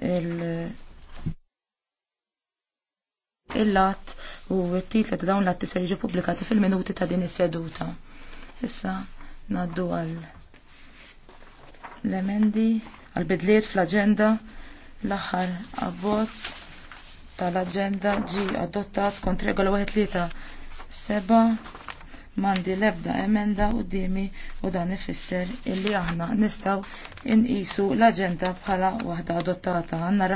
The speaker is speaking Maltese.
il-lat u t titlet dawn l-lat tisser jiġu publikati fil-minuti ta' din is-seduta. Issa naddu għal l-emendi għal bidliet fl-agenda l-aħħar abbozz tal-agenda ġi adottat kont regola 1 3 7 mandi lebda emenda u dimi u dan ifisser illi aħna nistaw inqisu l agenda bħala waħda adottata għanna